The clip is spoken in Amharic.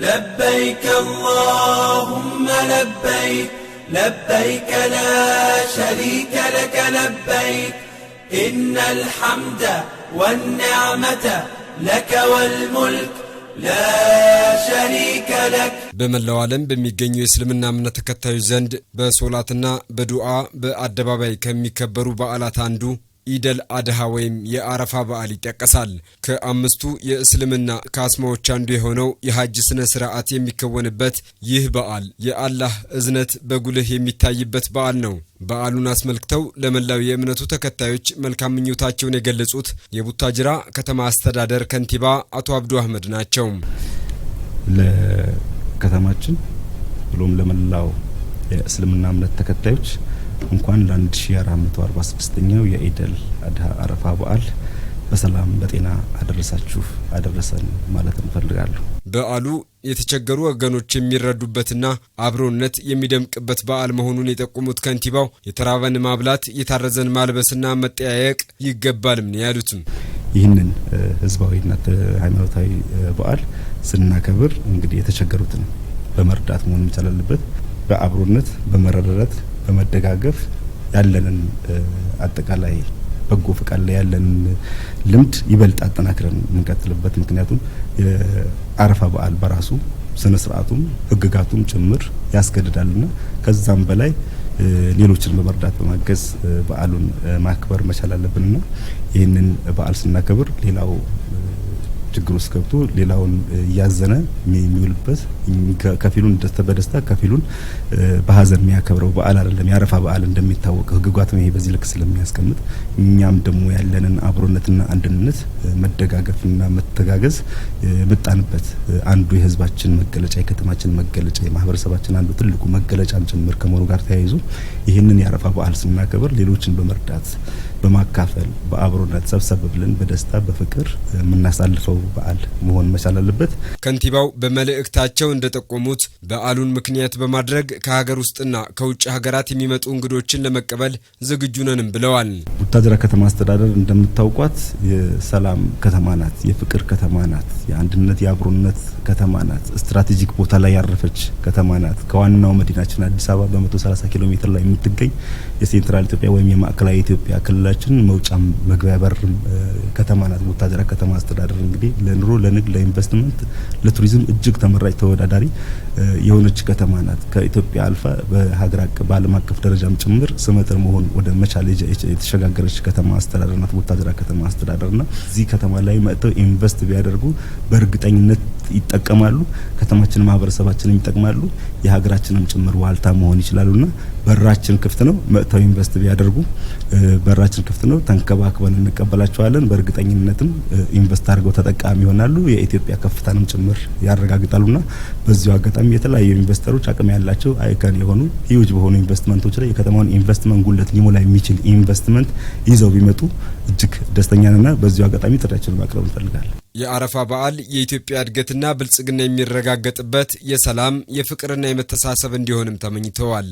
لبيك اللهم لبيك لبيك لا شريك لك لبيك إن الحمد والنعمة لك والملك በመላው ዓለም በሚገኙ የእስልምና እምነት ተከታዮች ዘንድ በሶላትና በዱዓ በአደባባይ ከሚከበሩ በዓላት አንዱ ኢደል አድሃ ወይም የአረፋ በዓል ይጠቀሳል። ከአምስቱ የእስልምና ካስማዎች አንዱ የሆነው የሐጅ ስነ ስርዓት የሚከወንበት ይህ በዓል የአላህ እዝነት በጉልህ የሚታይበት በዓል ነው። በዓሉን አስመልክተው ለመላው የእምነቱ ተከታዮች መልካም ምኞታቸውን የገለጹት የቡታጅራ ከተማ አስተዳደር ከንቲባ አቶ አብዱ አህመድ ናቸው። ለከተማችን ብሎም ለመላው የእስልምና እምነት ተከታዮች እንኳን ለ1446ኛው የኢደል አድሃ አረፋ በዓል በሰላም በጤና አደረሳችሁ አደረሰን ማለት እንፈልጋለሁ። በዓሉ የተቸገሩ ወገኖች የሚረዱበትና አብሮነት የሚደምቅበት በዓል መሆኑን የጠቆሙት ከንቲባው የተራበን ማብላት የታረዘን ማልበስና መጠያየቅ ይገባልም ነው ያሉትም። ይህንን ህዝባዊና ሃይማኖታዊ በዓል ስናከብር እንግዲህ የተቸገሩትን በመርዳት መሆን መቻል አለበት። በአብሮነት በመረዳዳት በመደጋገፍ ያለንን አጠቃላይ በጎ ፈቃድ ላይ ያለንን ልምድ ይበልጥ አጠናክረን የምንቀጥልበት ምክንያቱም የአረፋ በዓል በራሱ ስነ ስርዓቱም ህግጋቱም ጭምር ያስገድዳልና ከዛም በላይ ሌሎችን በመርዳት በማገዝ በዓሉን ማክበር መቻል አለብንና ይህንን በዓል ስናከብር ሌላው ችግር ውስጥ ገብቶ ሌላውን እያዘነ የሚውልበት ከፊሉን በደስታ ከፊሉን በሀዘን የሚያከብረው በዓል አይደለም። የአረፋ በዓል እንደሚታወቀው ህግጋትም ይሄ በዚህ ልክ ስለሚያስቀምጥ እኛም ደግሞ ያለንን አብሮነትና አንድነት መደጋገፍና መተጋገዝ የመጣንበት አንዱ የህዝባችን መገለጫ የከተማችን መገለጫ የማህበረሰባችን አንዱ ትልቁ መገለጫም ጭምር ከመሆኑ ጋር ተያይዞ ይህንን የአረፋ በዓል ስናከብር ሌሎችን በመርዳት በማካፈል በአብሮነት ሰብሰብ ብለን በደስታ በፍቅር የምናሳልፈው በዓል መሆን መቻል አለበት። ከንቲባው በመልእክታቸው እንደጠቆሙት በዓሉን ምክንያት በማድረግ ከሀገር ውስጥና ከውጭ ሀገራት የሚመጡ እንግዶችን ለመቀበል ዝግጁ ነንም ብለዋል። ቡታጅራ ከተማ አስተዳደር እንደምታውቋት የሰላም ከተማ ናት፣ የፍቅር ከተማ ናት፣ የአንድነት የአብሮነት ከተማ ናት። ስትራቴጂክ ቦታ ላይ ያረፈች ከተማ ናት። ከዋናው መዲናችን አዲስ አበባ በ130 ኪሎ ሜትር ላይ የምትገኝ የሴንትራል ኢትዮጵያ ወይም የማዕከላዊ ኢትዮጵያ ክልል ሀገራችንን መውጫም መግቢያ በርም ከተማ ናት። ቡታጅራ ከተማ አስተዳደር እንግዲህ ለኑሮ፣ ለንግድ፣ ለኢንቨስትመንት፣ ለቱሪዝም እጅግ ተመራጭ ተወዳዳሪ የሆነች ከተማ ናት። ከኢትዮጵያ አልፋ በሀገር አቀፍ በዓለም አቀፍ ደረጃም ጭምር ስመጥር መሆን ወደ መቻል የተሸጋገረች ከተማ አስተዳደር ናት ቡታጅራ ከተማ አስተዳደር ና እዚህ ከተማ ላይ መጥተው ኢንቨስት ቢያደርጉ በእርግጠኝነት ይጠቀማሉ። ከተማችን ማህበረሰባችንም ይጠቅማሉ። የሀገራችንም ጭምር ዋልታ መሆን ይችላሉና በራችን ክፍት ነው። መጥተው ኢንቨስት ቢያደርጉ በራችን ክፍት ነው። ተንከባክበን እንቀበላቸዋለን። በእርግጠኝነትም ኢንቨስት አድርገው ተጠቃሚ ይሆናሉ፣ የኢትዮጵያ ከፍታንም ጭምር ያረጋግጣሉና በዚሁ አጋጣሚ የተለያዩ ኢንቨስተሮች አቅም ያላቸው አይከን የሆኑ ሂዩጅ በሆኑ ኢንቨስትመንቶች ላይ የከተማውን ኢንቨስትመንት ጉለት ሊሞላ የሚችል ኢንቨስትመንት ይዘው ቢመጡ እጅግ ደስተኛንና በዚሁ አጋጣሚ ጥሪያችንን ማቅረብ እንፈልጋለን። የአረፋ በዓል የኢትዮጵያ እድገትና ብልጽግና የሚረጋገጥበት የሰላም የፍቅርና የመተሳሰብ እንዲሆንም ተመኝተዋል።